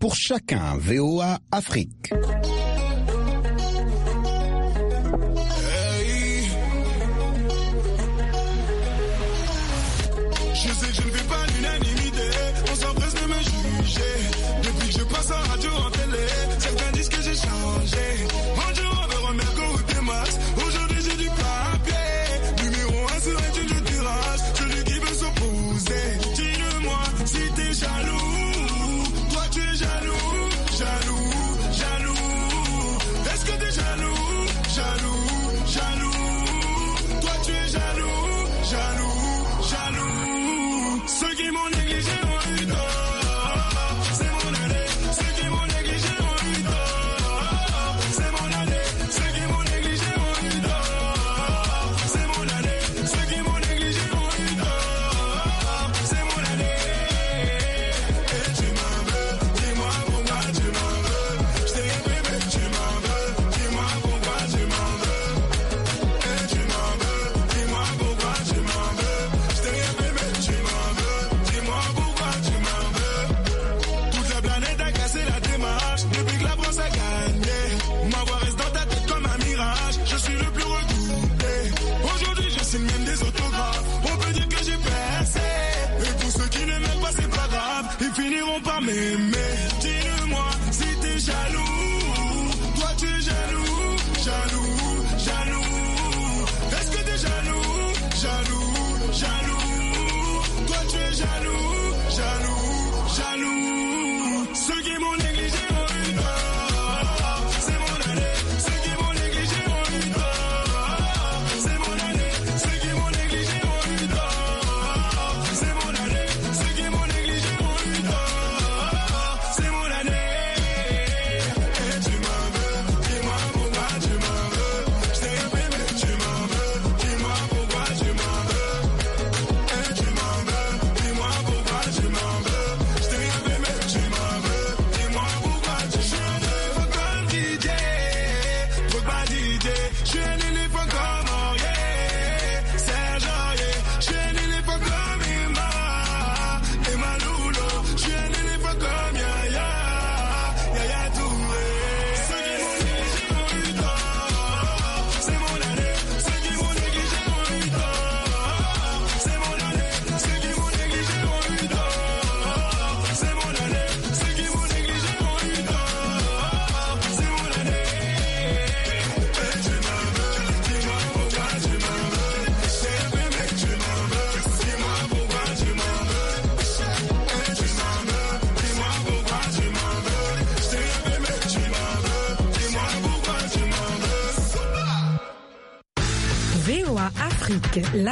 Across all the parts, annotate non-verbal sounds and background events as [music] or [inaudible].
pour chacun VOA Afrique.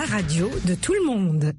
la radio de tout le monde.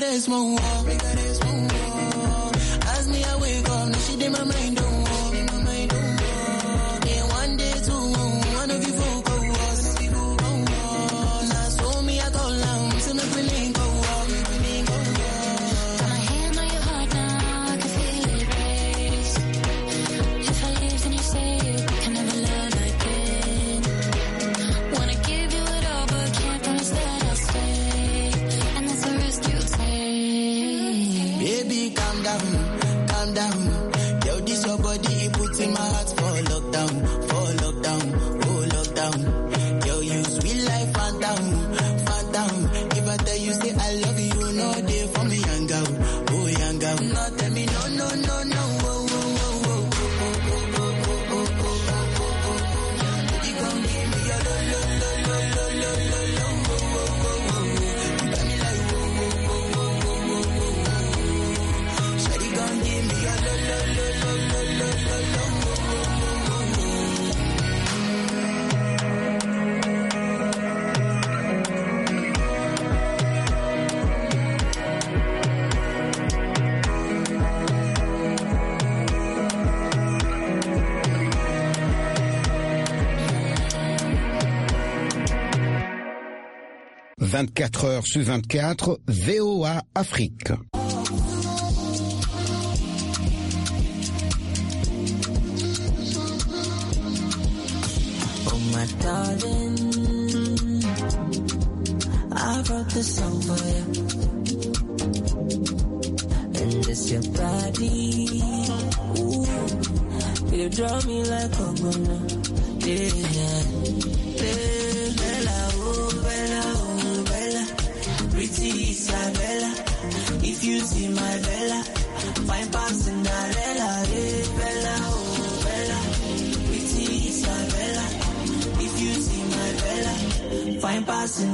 regret is my war, regret is my war. As me, I wake up, now she did my mind oh. 24 heures sur 24, VOA Afrique. Oh my darling, I wrote this song for you. And it's your body. Ooh, you draw me like a woman. Yeah, yeah. If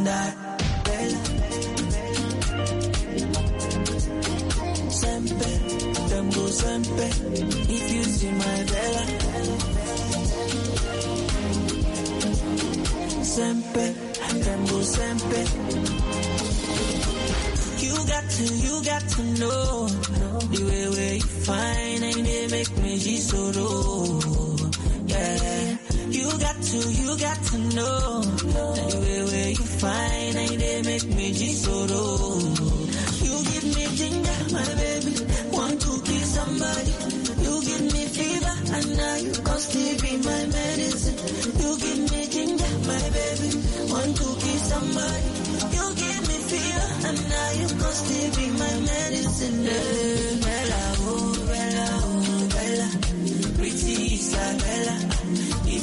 you see my bella. You got to, you got to know the way where you find, and they make me so low. Yeah you got to, you got to know. That way where you find, Ain't they make me jisoro. You give me ginger, my baby, want to kiss somebody. You give me fever, and now you can still be my medicine. You give me ginger, my baby, want to kiss somebody. You give me fever, and now you can still be my medicine. Eh, Bella, oh, Bella, oh, Bella, pretty Isabella.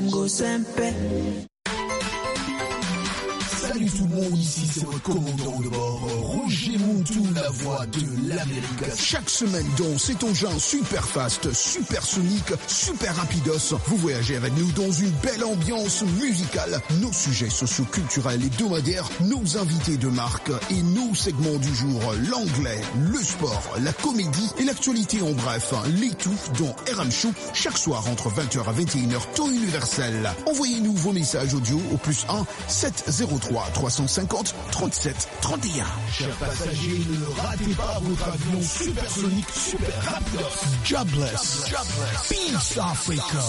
them go sempe. ici, c'est votre commandant de bord, Roger la voix de l'Amérique. Chaque semaine dans C'est ton super fast, super sonique, super rapidos, vous voyagez avec nous dans une belle ambiance musicale. Nos sujets socio-culturels et hebdomadaires, nos invités de marque et nos segments du jour, l'anglais, le sport, la comédie et l'actualité en bref. Les tout dans RM Show, chaque soir entre 20h à 21h, taux universel. Envoyez-nous vos messages audio au plus 1 703 300 50 37 31. Chers passagers, ne ratez pas votre avion supersonique Super Jobless. Jobless. Peace Africa.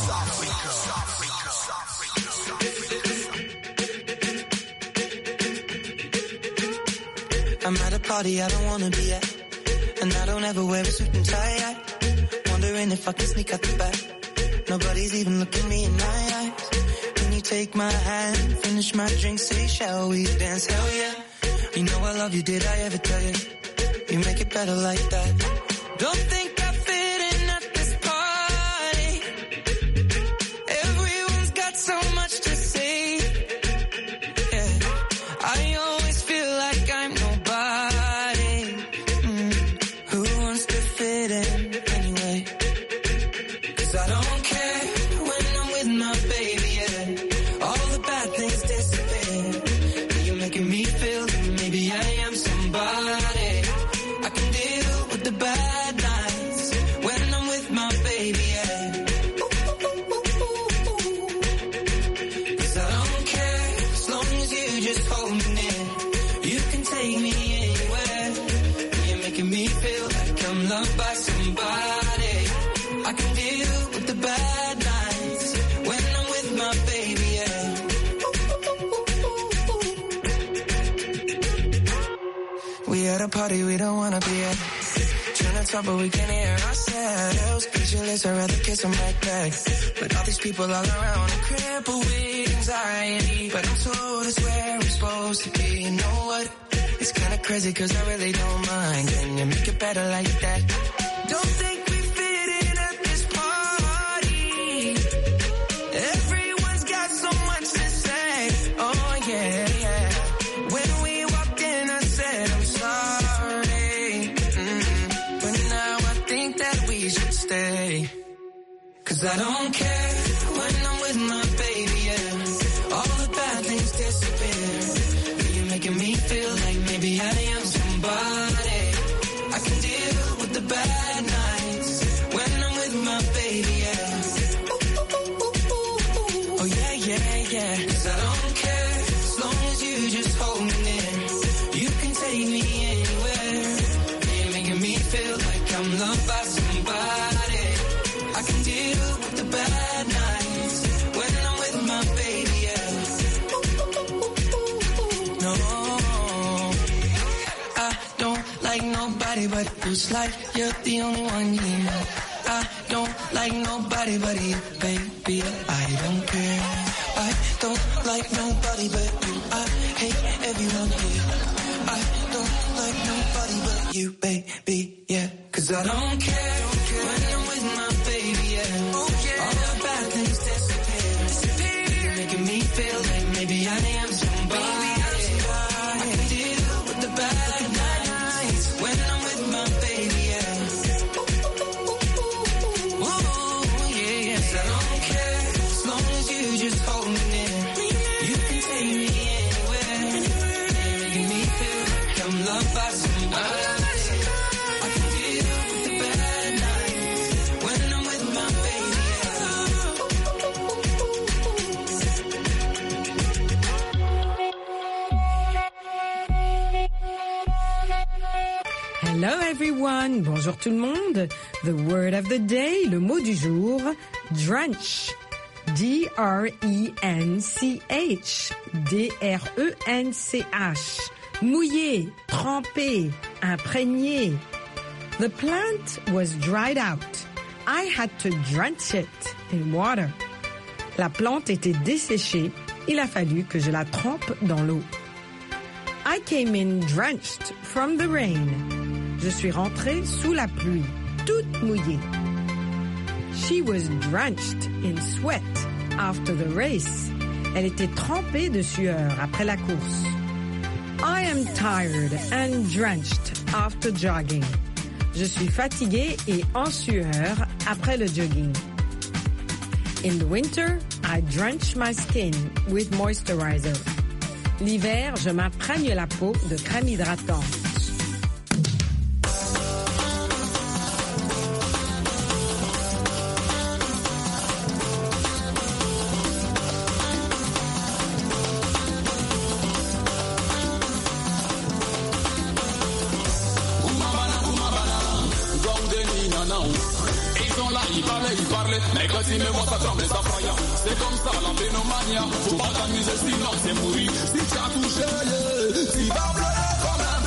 I'm at a party I don't wanna be at. And I don't ever wear a suit and tie. Wondering if I can sneak out the back. Nobody's even looking me in my eye take my hand, finish my drink, say, shall we dance? Hell yeah. You know I love you, did I ever tell you? You make it better like that. Don't think just holding in. You can take me anywhere. You're making me feel like I'm loved by somebody. I can deal with the bad nights when I'm with my baby. Yeah. We at a party we don't wanna be at talk, but we can't hear ourselves. Pictureless, I'd rather kiss a backpack. But all these people all around are crippled with anxiety. But I'm told it's where I'm supposed to be. You know what? It's kinda crazy, cause I really don't mind. Can you make it better like that? Cause I don't care what feels like. You're the only one here. I don't like nobody but you, baby. I don't care. I don't like nobody but you. I hate everyone here. I don't like nobody but you, baby. Yeah, cause I don't care. Don't care. tout le monde. The word of the day, le mot du jour, drench. D-R-E-N-C-H. D-R-E-N-C-H. Mouillé, trempé, imprégné. The plant was dried out. I had to drench it in water. La plante était desséchée. Il a fallu que je la trempe dans l'eau. I came in drenched from the rain. Je suis rentrée sous la pluie, toute mouillée. She was drenched in sweat after the race. Elle était trempée de sueur après la course. I am tired and drenched after jogging. Je suis fatiguée et en sueur après le jogging. In the winter, I drench my skin with moisturizer. L'hiver, je m'imprègne la peau de crème hydratante. Mais quand ils me voient, ça tremble, ça froya. C'est comme ça la phénomania. Faut pas t'amuser, sinon c'est pourri. Si tu as touché, si t'as pleuré comme un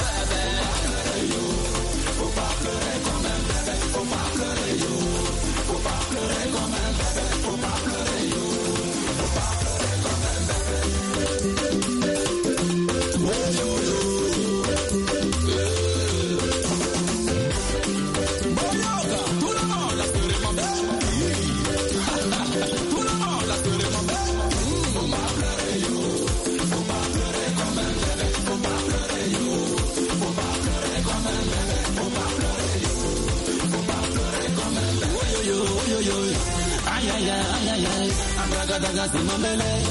Kadada simamele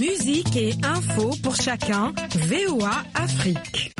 Musique et info pour chacun. VOA Afrique.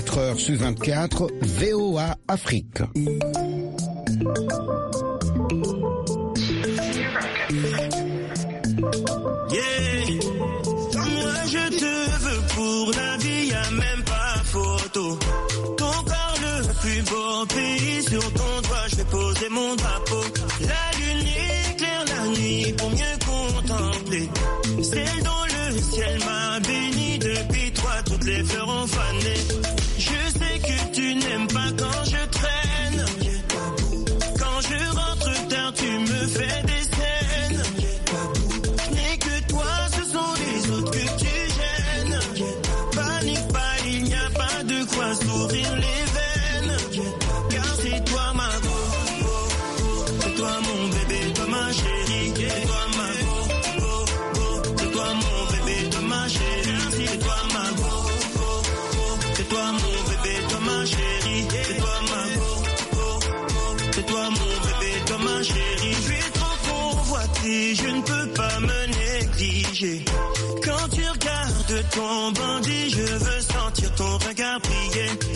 4h sur 24, VOA Afrique. Yeah. Moi je te veux pour la vie, y a même pas photo. Ton corps le plus beau pays sur ton doigt, je vais poser mon drapeau. La lune éclaire la nuit pour mieux contempler. Celle dont le ciel m'a béni depuis toi, toutes les fleurs ont fané. ton bandit, je veux sentir ton regard briller.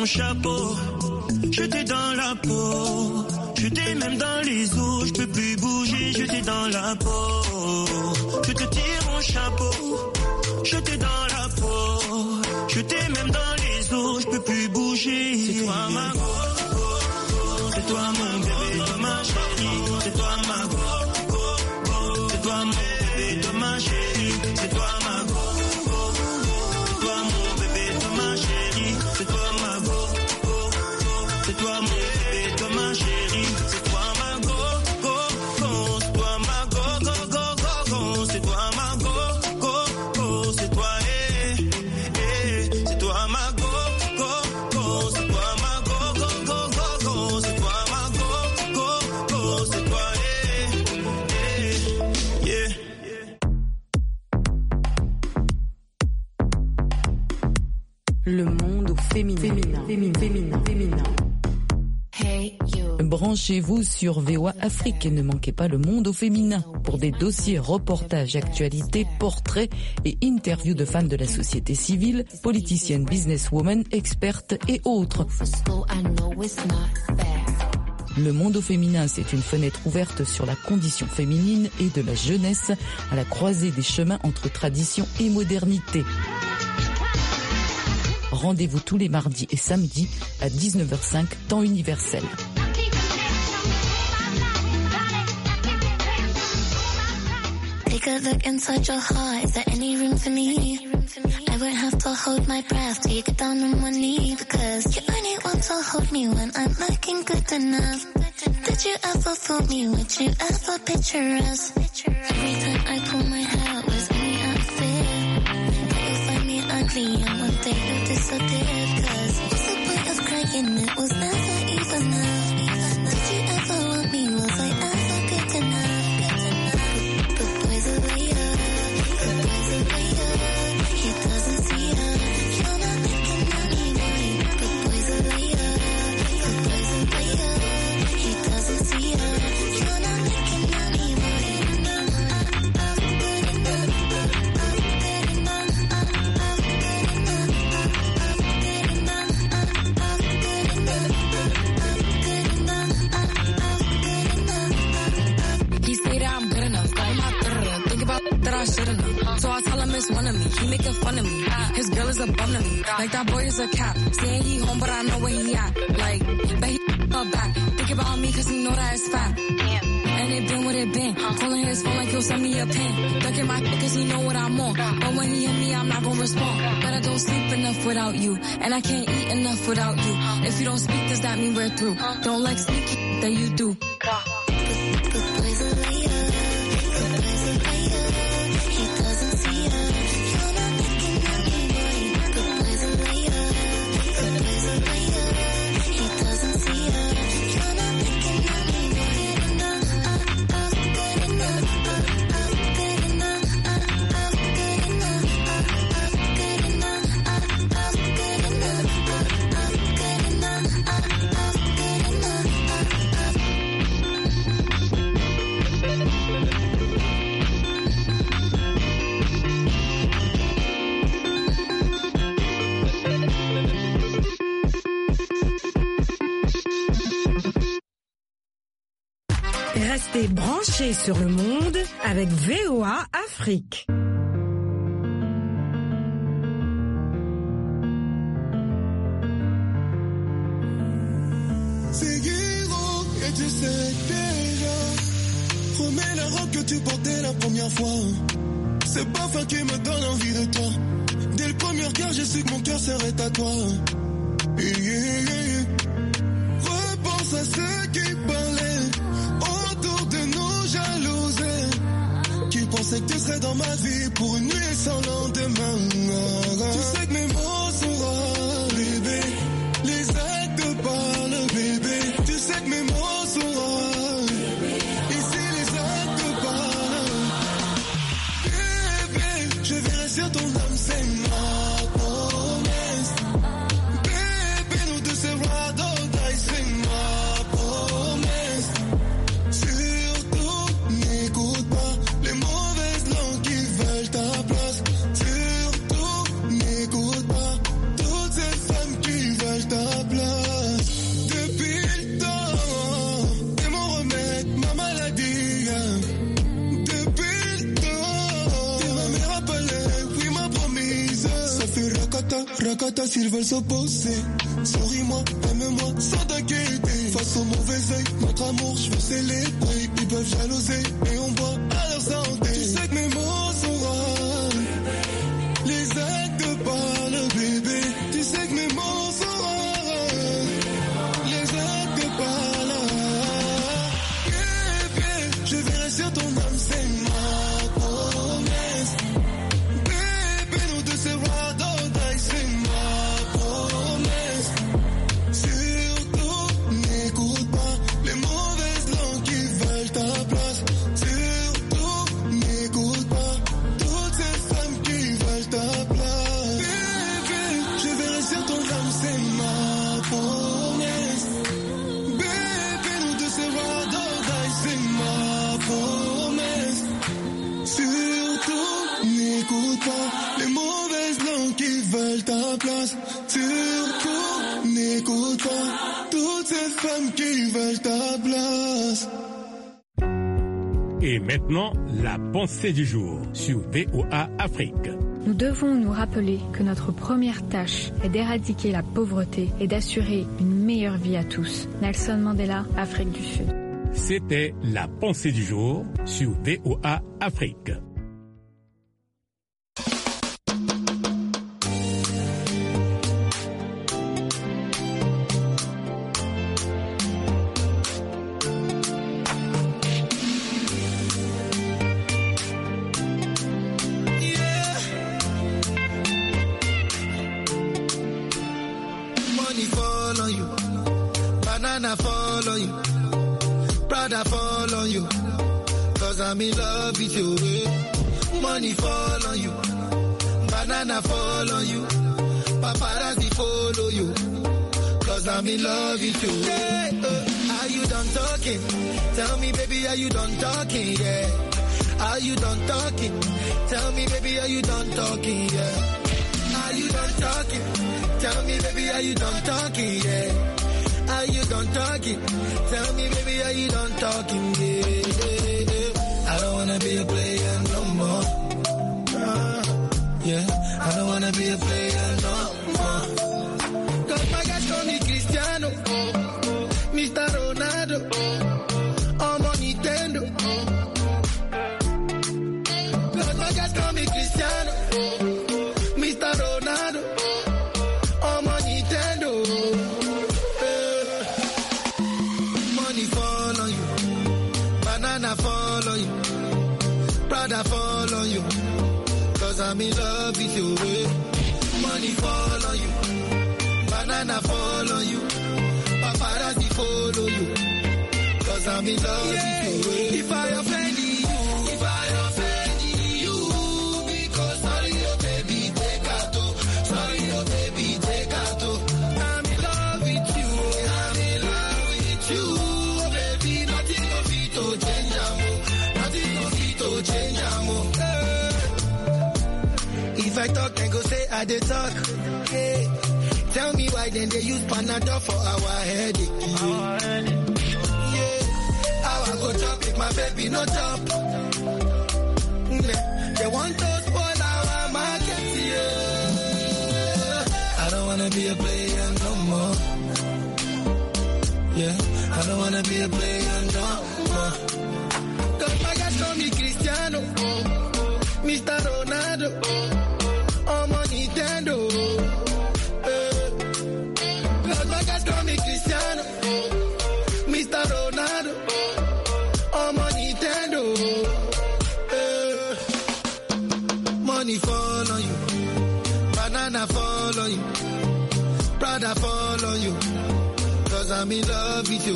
mon chapeau, j'étais dans la peau, j'étais même dans les eaux, je peux plus bouger, j'étais dans la peau, je te tire mon chapeau, j'étais dans la peau, j'étais même dans les eaux, je peux plus bouger, c'est toi ma go, c'est toi mon chez vous sur VOA Afrique et ne manquez pas le monde au féminin pour des dossiers, reportages, actualités, portraits et interviews de femmes de la société civile, politiciennes, businesswomen, expertes et autres. Le monde au féminin, c'est une fenêtre ouverte sur la condition féminine et de la jeunesse à la croisée des chemins entre tradition et modernité. Rendez-vous tous les mardis et samedis à 19h05, temps universel. Could look inside your heart. Is there any room for me? I won't have to hold my breath till you get down on one knee because you only want to hold me when I'm looking good enough. Did you ever fool me? Would you ever picture us? Every time I pull my hair was only out of fear that you'll find me ugly and one day you'll disappear. And I can't eat enough without you. If you don't speak, does that mean we're through? Don't like speaking, that you do. sur le monde avec VOA Afrique. tu sais déjà. Remets la robe que tu portais la première fois. C'est pas ça qui me donne envie de toi. Dès le premier regard, je su que mon cœur serait à toi. tu serais dans ma vie pour une nuit sans lendemain. Tu sais que mes mots s'ils veulent s'opposer, Souris-moi, aime-moi, sans t'inquiéter. Face au mauvais oeil, notre amour, je veux célébrer. Ils peuvent jalouser et on voit à leur santé. La pensée du jour sur VOA Afrique. Nous devons nous rappeler que notre première tâche est d'éradiquer la pauvreté et d'assurer une meilleure vie à tous. Nelson Mandela, Afrique du Sud. C'était la pensée du jour sur VOA Afrique. follow you. Paparazzi follow you. Cause I'm in love with you. Yeah, uh, are you done talking? Tell me, baby, are you done talking? Yeah. Are you done talking? Tell me, baby, are you done talking? Yeah. Are you done talking? Tell me, baby, are you done talking? Yeah. Are you done talking? Tell me, baby, are you done talking? Yeah, I don't wanna be a player no more. Uh, yeah. I don't wanna be a player no more. Cause my guys call me Cristiano, Mr. Ronaldo, I'm on Nintendo. Cause my guys call me Cristiano, Mr. Ronaldo, I'm on Nintendo. Eh. Money fall on you, banana fall on you, brother follow you. Cause I'm in love. I'm in love yeah. with you. If I offend you, if I offend you, because sorry, oh baby, take out. Sorry, oh baby, take out. I'm in love with you. I'm in love with you, oh, baby. Nothing of it to change, amo. Nothing of it to change, amo. Hey. Eh. If I talk, then go say I did talk. Hey. Eh. Tell me why then they use Panadol for our headache. Our headache baby no chop. They want to spoil our market, yeah. I don't wanna be a player no more. Yeah, I don't wanna be a player no more. Los pagas to mi Cristiano, oh, Mr. Ronaldo, oh, oh, oh, Nintendo. I'm in love with you.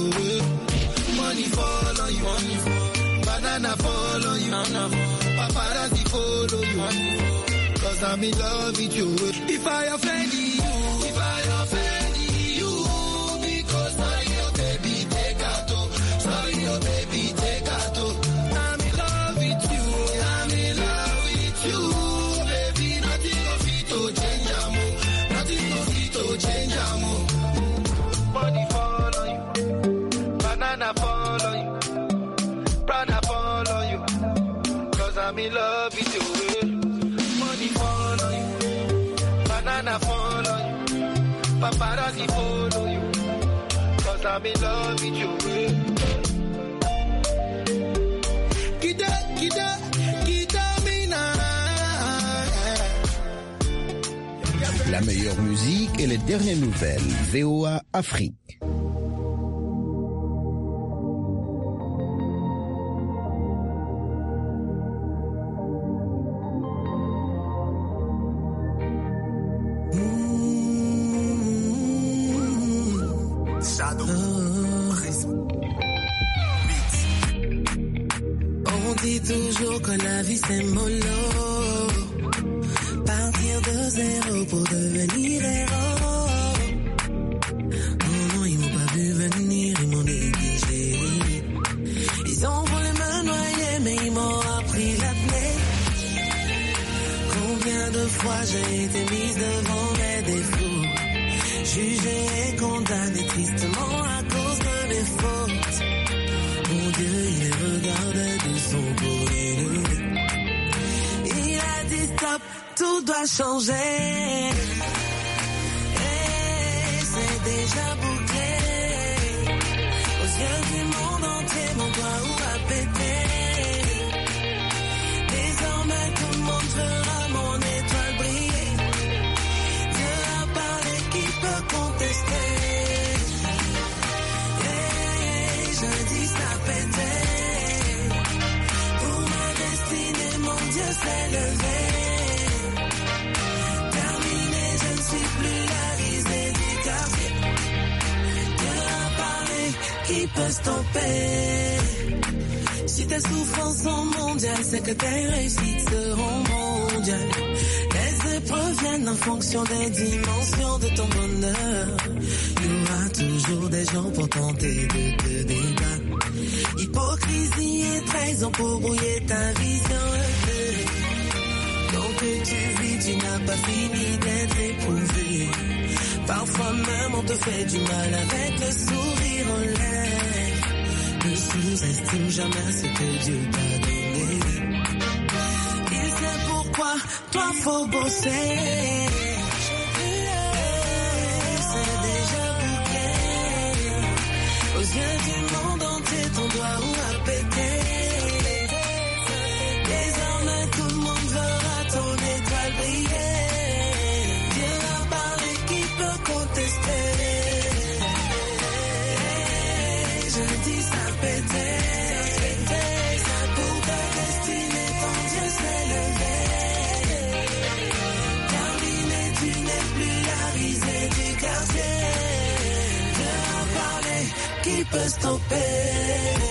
Money fall on you. Money fall. Banana fall on you. Banana fall. Paparazzi follow you. Cause I'm in love with you. If I offend you. La meilleure musique et les dernières nouvelles. VOA Afrique. and troubled Si tes souffrances sont mondiales, c'est que tes réussites seront mondiales. Les épreuves viennent en fonction des dimensions de ton bonheur. Il y aura toujours des gens pour tenter de te débattre. Hypocrisie et trahison pour brouiller ta vision. Donc tu vis, tu n'as pas fini d'être éprouvé. Parfois même on te fait du mal avec le sourire en l'air ne sous-estime jamais ce que Dieu t'a donné. Il sait pourquoi toi faut bosser. puesto P.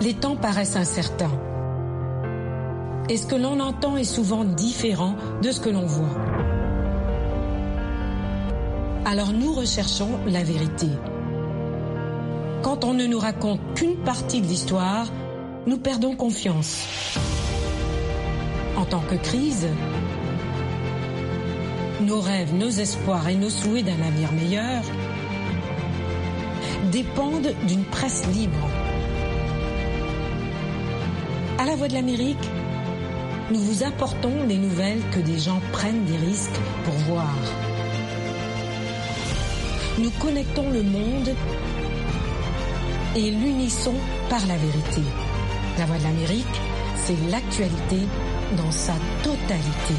Les temps paraissent incertains. Et ce que l'on entend est souvent différent de ce que l'on voit. Alors nous recherchons la vérité. Quand on ne nous raconte qu'une partie de l'histoire, nous perdons confiance. En tant que crise, nos rêves, nos espoirs et nos souhaits d'un avenir meilleur dépendent d'une presse libre. À la Voix de l'Amérique, nous vous apportons des nouvelles que des gens prennent des risques pour voir. Nous connectons le monde et l'unissons par la vérité. La Voix de l'Amérique, c'est l'actualité dans sa totalité.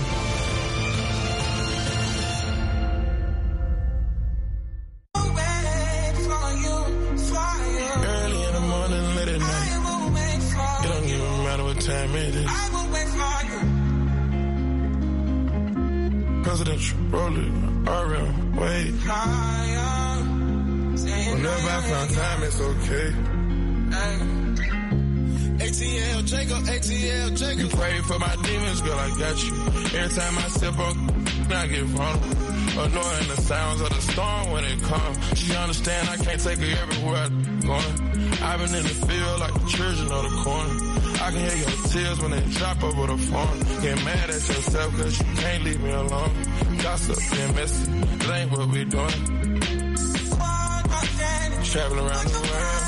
time I sip on, I get vulnerable. Annoying the sounds of the storm when it comes. She understand I can't take her everywhere I'm going. I've been in the field like the children of the corn. I can hear your tears when they drop over the phone. Get mad at yourself cause you can't leave me alone. Gossip and messy, that ain't what we doing. Traveling around the world.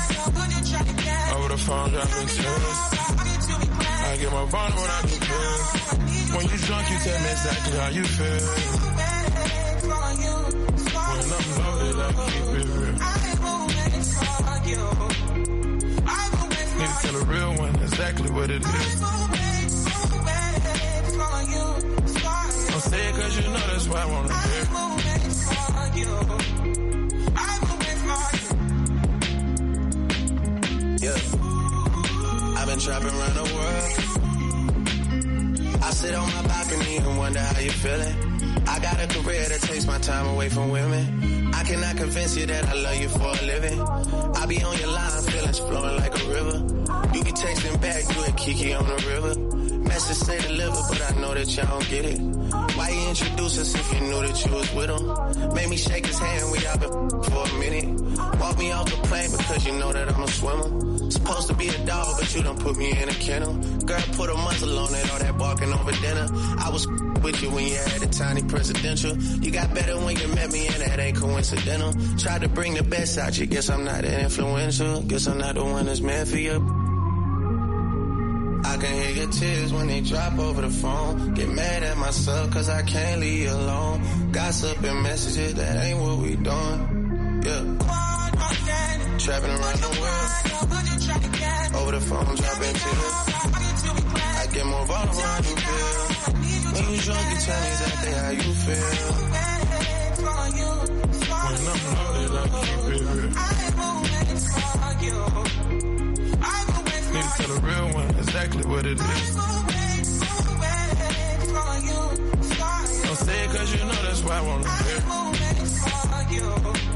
Over the phone, dropping tears get more vulnerable than I feel. When you drunk, you tell me exactly how you feel. When I'm loaded, I keep it real. Need to tell a real one exactly what it cause you know that's why I wanna hear. trapping around the world. I sit on my balcony and wonder how you feeling. I got a career that takes my time away from women. I cannot convince you that I love you for a living. I be on your line, feelings flowing like a river. You be texting back, you and Kiki on the river. Message say deliver, but I know that y'all don't get it. Why you introduce us if you knew that you was with him? Made me shake his hand, we out been for a minute. Walk me off the plane because you know that I'm a swimmer. Supposed to be a dog, but you done put me in a kennel. Girl, put a muzzle on it, all that barking over dinner. I was [laughs] with you when you had a tiny presidential. You got better when you met me, and that ain't coincidental. Tried to bring the best out you, guess I'm not an influential. Guess I'm not the one that's meant for you. I can hear your tears when they drop over the phone. Get mad at myself cause I can't leave you alone. Gossip and messages, that ain't what we doing. Yeah. Trapping around the world. Over the phone, dropping tears. I get more vulnerable when you feel. When you drunk, you tell me exactly how you feel. When I'm loaded, I keep it real. Need to tell a real one exactly what it is. Don't say it cause you know that's why I wanna hear.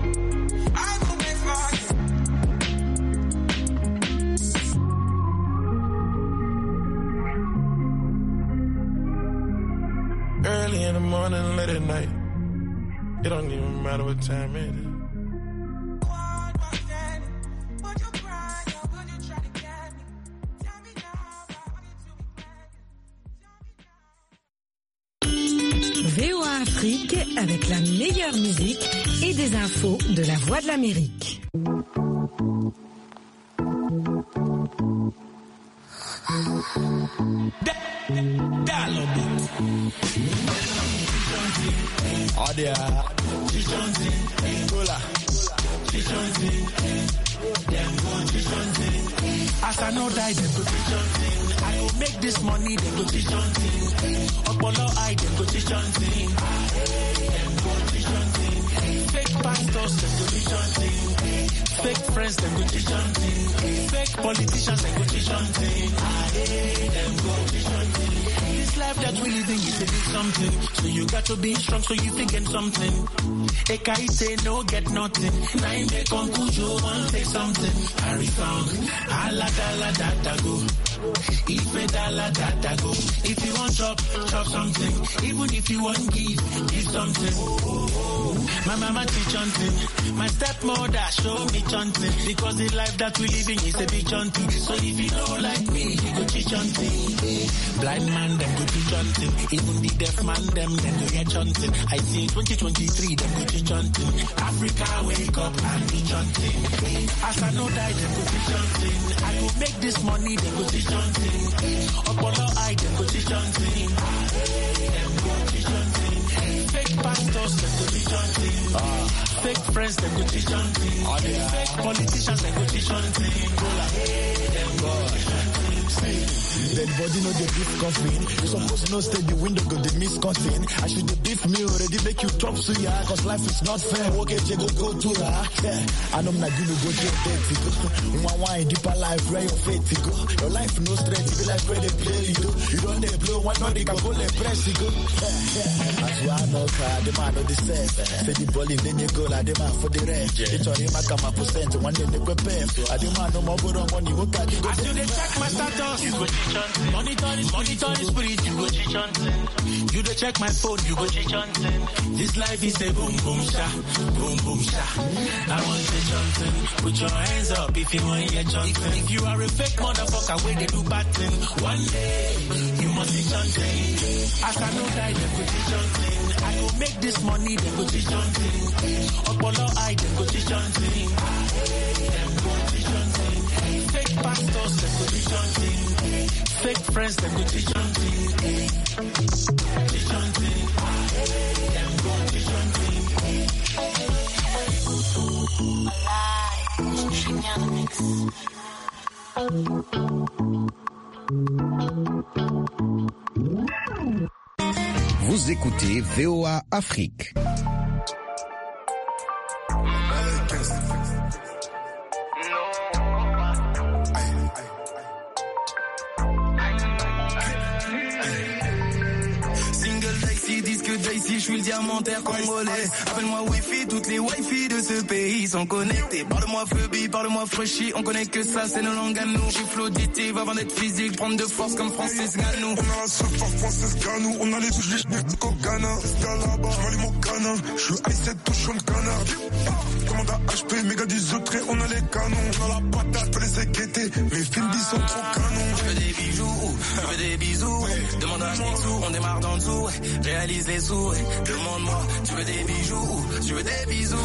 morning, VOA Afrique avec la meilleure musique et des infos de la Voix de l'Amérique. Odia. Chichonzi, Angola. Chichonzi, them go Chichonzi. As I know die, them go Chichonzi. I go make this money, them go Chichonzi. Opolo I, them go Chichonzi. Them go Chichonzi. Fake pastors, them go Chichonzi. Fake friends, them go teach something. Fake politicians, them go teach something. I them go teach This life that we living is a bit something. So you got to be strong so you think get something. A guy say no get nothing. Nine make Uncle Joe one take something. I found Allah dala data go. If a dollar data go. If you want chop, chop something. Even if you want give, give something. My mama teach hunting. My stepmother show me chanting. Because the life that we living is a big hunting. So if you don't like me, you go teach hunting. Blind man, them go teach hunting. Even the deaf man, them, them go get hunting. I see 2023, them go teach hunting. Africa, wake up and teach hunting. As I know die them go teach hunting. I go make this money, them go teach hunting. Up on our eye, them go teach hunting bros, Uh, fake friends, they go teach on Uh, yeah. Fake politicians, they go teach Go them go vaccine. Dead body no dey beef coffin. You suppose know stay the window go dey miss cutting. I should dey beef me already make you talk to ya. Cause life is not fair. Okay, take go go to la. Yeah. I know na you no go get dirty. One wine deeper life where your faith go. Your life no strength. Be like where they play you. You don't dey blow. Why not they can go the press you go? As you are no car, the man no the set. Eh. Say the bully then you go like the man for the rent. It's turn him I come up percent. One day they prepare. I demand no more go on money. I still dey check my status. You go chich money Monitor this, monitor this You go You don't check my phone. You go chich This life is a boom boom sha, boom boom sha. I want to Johnson. Put your hands up if you want your Johnson. If you are a fake motherfucker, where they do bad thing. One day you must be chanting. As I know that they go chich Johnson. I go make this money. They go chich Johnson. Apollo I they go take back Fake pastors, they go chanting. Vous écoutez VOA Afrique. Je suis le diamantaire congolais. Appelle-moi wifi, toutes les wifi de ce pays sont connectées. Parle-moi phobie, parle-moi freshie, on connaît que ça, c'est nos langues à nous. Gifle auditive avant d'être physique, prendre de force comme Francis Ganou. On a un sac par Francis Ganou, on a les touches, les ch'niques au Ghana. J'm'allume mon canin, j'suis i7, touche le canard. Commande HP, méga disotré, on a les canons. On a la patate, peux les équêter, mes films disent trop canons. Je fais des bijoux, je fais des bisous, demande à Mitsu, on démarre dans le réalise les sous. Demande-moi, tu veux des bijoux, tu veux des bisous.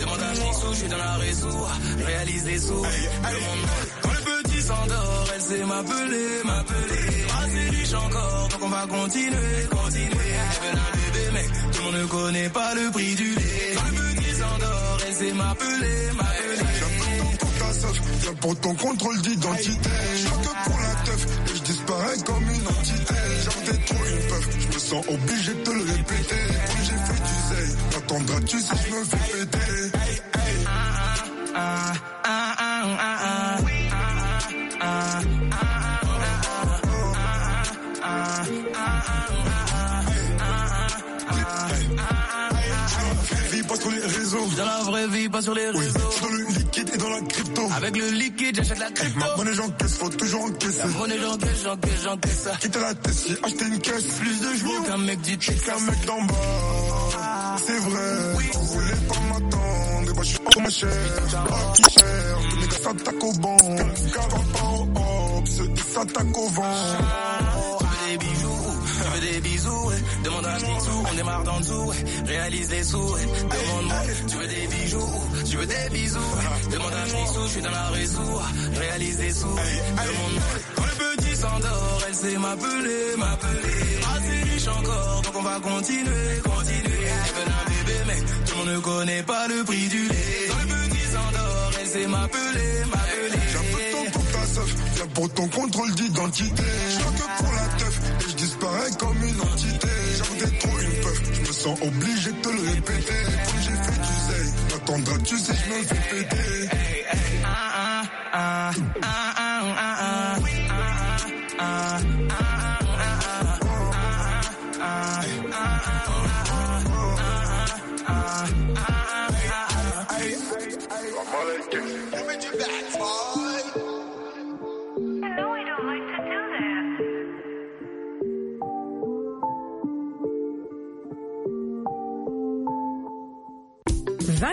Demande à petit je suis dans la réseau, réalise des sous. Demande-moi, quand le petit s'endort, elle sait m'appeler, m'appeler. Assez ah, riche encore, donc on va continuer, continuer. Je veux un bébé, mec, tout le monde ne connaît pas le prix du lait. Quand le petit s'endort, elle sait m'appeler, m'appeler. J'apporte ton compte à sauf, j'apporte ton contrôle d'identité. Je que pour la teuf, disparaisse comme une entité. J'en détruis une peur, je me sens obligé de le répéter. Quand j'ai fait, tu sais, t'attendras-tu si je me fais péter? pas sur les réseaux. Dans la vraie vie, pas sur les réseaux. Je suis dans le liquide et dans la crypto. Avec le liquide, j'achète la crypto. Ma monnaie, j'encaisse, faut toujours encaisser. La monnaie, j'encaisse, j'encaisse, j'encaisse. Quitte la tête, j'ai acheté une caisse. Plus de joueurs qu'un mec dit J'ai qu'un mec d'en bas. C'est vrai, oui. on pas m'attendre. moi, je suis trop ma chère. Pas qui cher. Tous mes gars s'attaquent au banc. Gars, va au Ceux qui s'attaquent au vent veux des bisous, demande à bisou. on démarre d'en dessous, ouais. réalise les sous, ouais. demande-moi, tu veux des bijoux, tu veux des bisous, demande à bisou. je suis dans la réseau, réalise les sous, demande-moi. Quand le petit s'endort, elle sait m'appeler, m'appeler, assez riche encore, donc on va continuer, continuer, elle un bébé, mais tout le monde ne connaît pas le prix du lait. Quand les petits s'endort, elle sait m'appeler, m'appeler. J'ai un peu de temps pour pour ton contrôle d'identité, je pour la tête pareil comme une entité. J'en détruis une peur, je me sens obligé de le répéter. Quand j'ai fait, du sais, attendras tu sais je me fais péter?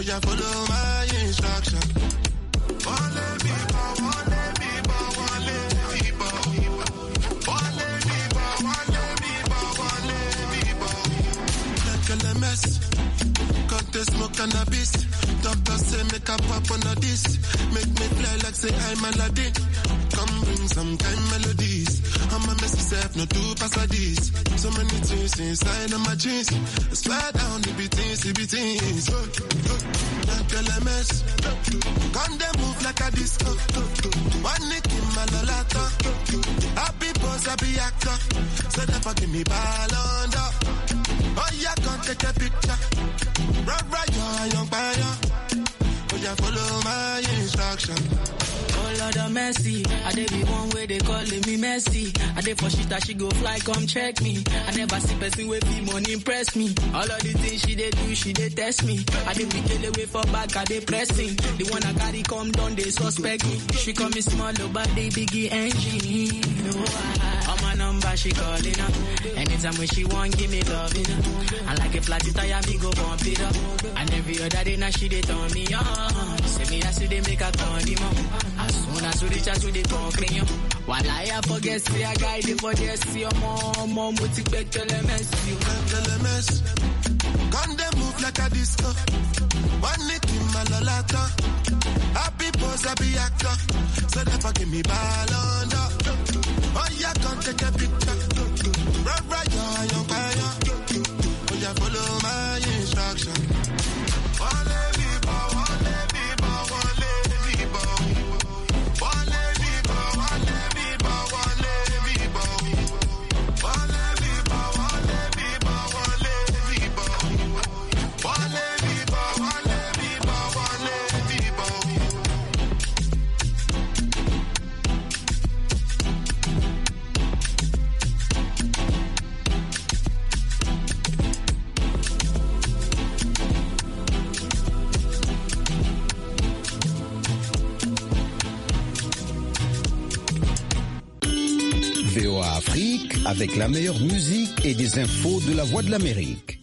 Oh, yeah, follow my instruction. people, people, people, Follow me, follow me, people. me. mess. Got the smoke cannabis. Doctor say make a pop on a this. Make me fly like say I'm a laddie. Come bring some kind melody. I'm a messy self, no two pass like this. So many things inside of my jeans. slide down, it be things, it be things. Not girl, I mess. Come they move like a disco. One nick in my lolata. Happy boss, I actor. So never give me ball under. Oh, yeah, not take a picture. Rub right a young fire. Oh, yeah, follow my instructions. All Lord of mercy, I dey be one way they calling me messy. I dey for shit that she go fly, come check me. I never see person with be money impress me. All of the things she dey do, she dey test me. I dey be kill away for back, I dey pressing. The one I got, it come down, they suspect me. She call me small, but they biggie engine. I on my number, she calling up. Anytime when she want, give me loving. I like a flat tire, me go bump it up. And every other day, now she they turn me on. Say me, I see they make a turn him As soon as we reach out to the concrete, while I forget, see I guide it for this, see your mom, mom, we take back to the mess. You Gun them move like a disco. One nick in my lolata. Happy pose, happy actor. So never give me ball under. Oh got take a picture. Right, Oh follow my instruction. avec la meilleure musique et des infos de la Voix de l'Amérique.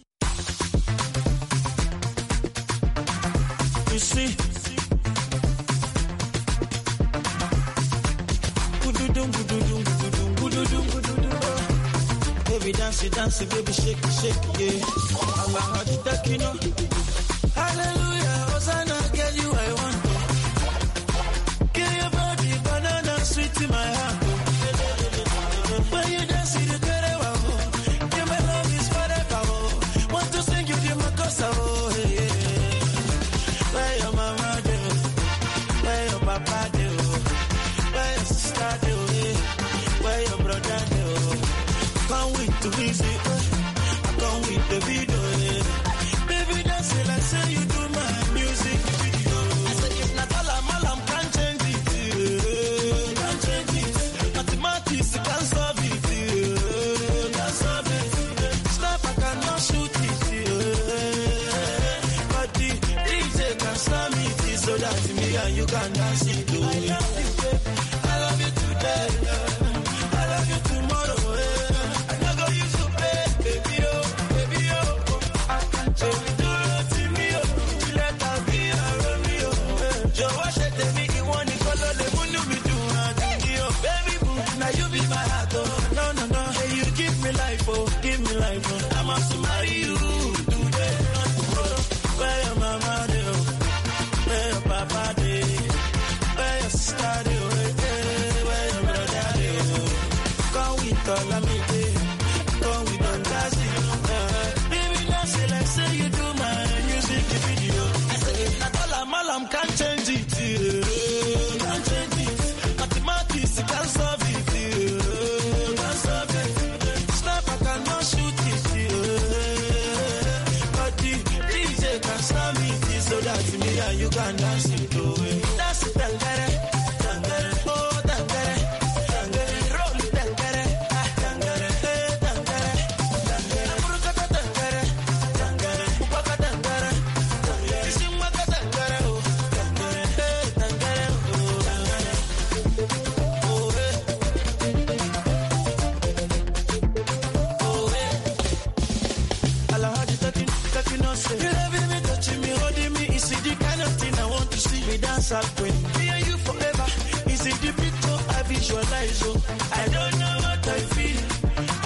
that you know say. You loving me, touching me, holding me. Is it the kind of thing I want to see? We dance up when me and you forever. Is it the picture I visualize? Oh, I don't know what I feel.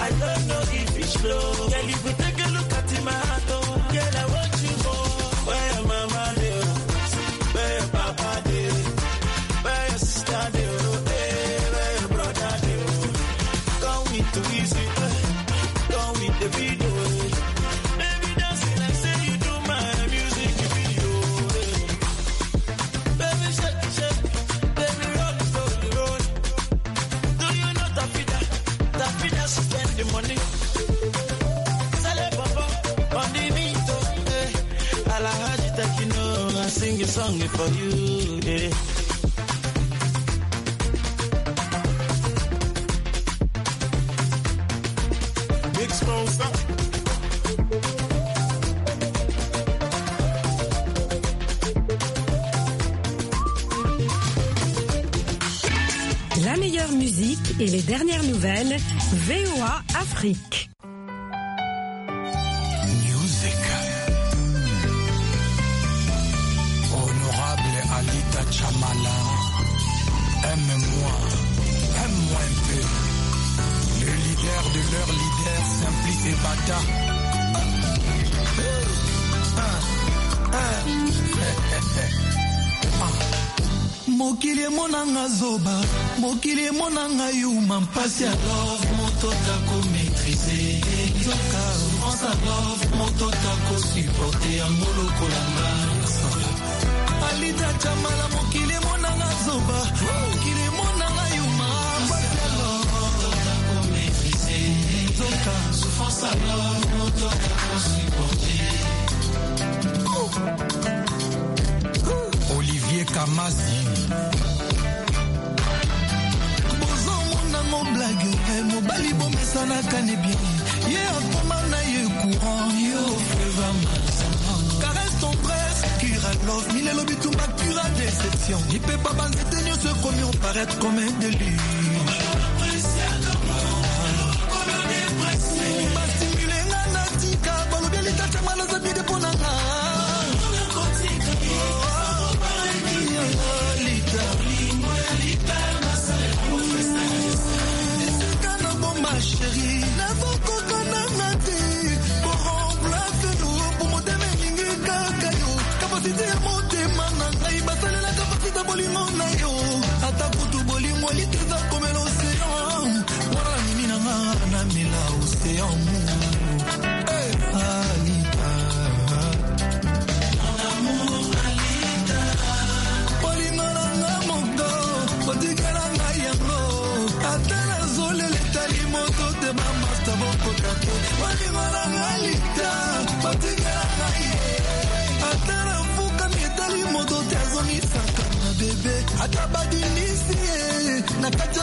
I don't know if it's love. Girl, if we take a look at it, my heart. Oh, La meilleure musique et les dernières nouvelles, VOA Afrique. mokili emona ngai uma mpasi alove moto tako maîtrise yoka france alove moto tako suporte yango lokolanga alida jamala mokili emonanga zoba oh. nakani bien ye akoma na ye courant yo feva masanga caresse ton presse kira love milelo bitumba kura déception ipe baba nzete nyonso ekomi oparaître comme un délire bebe atabadi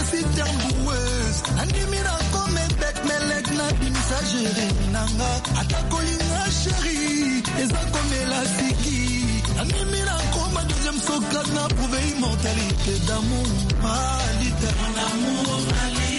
profite yamboueuse nandimi na komebek melek not bimisa jeremi nanga ata kolinga sheri eza komela siki nandimi na koma deuxième socrate na prouve immortalité damour malite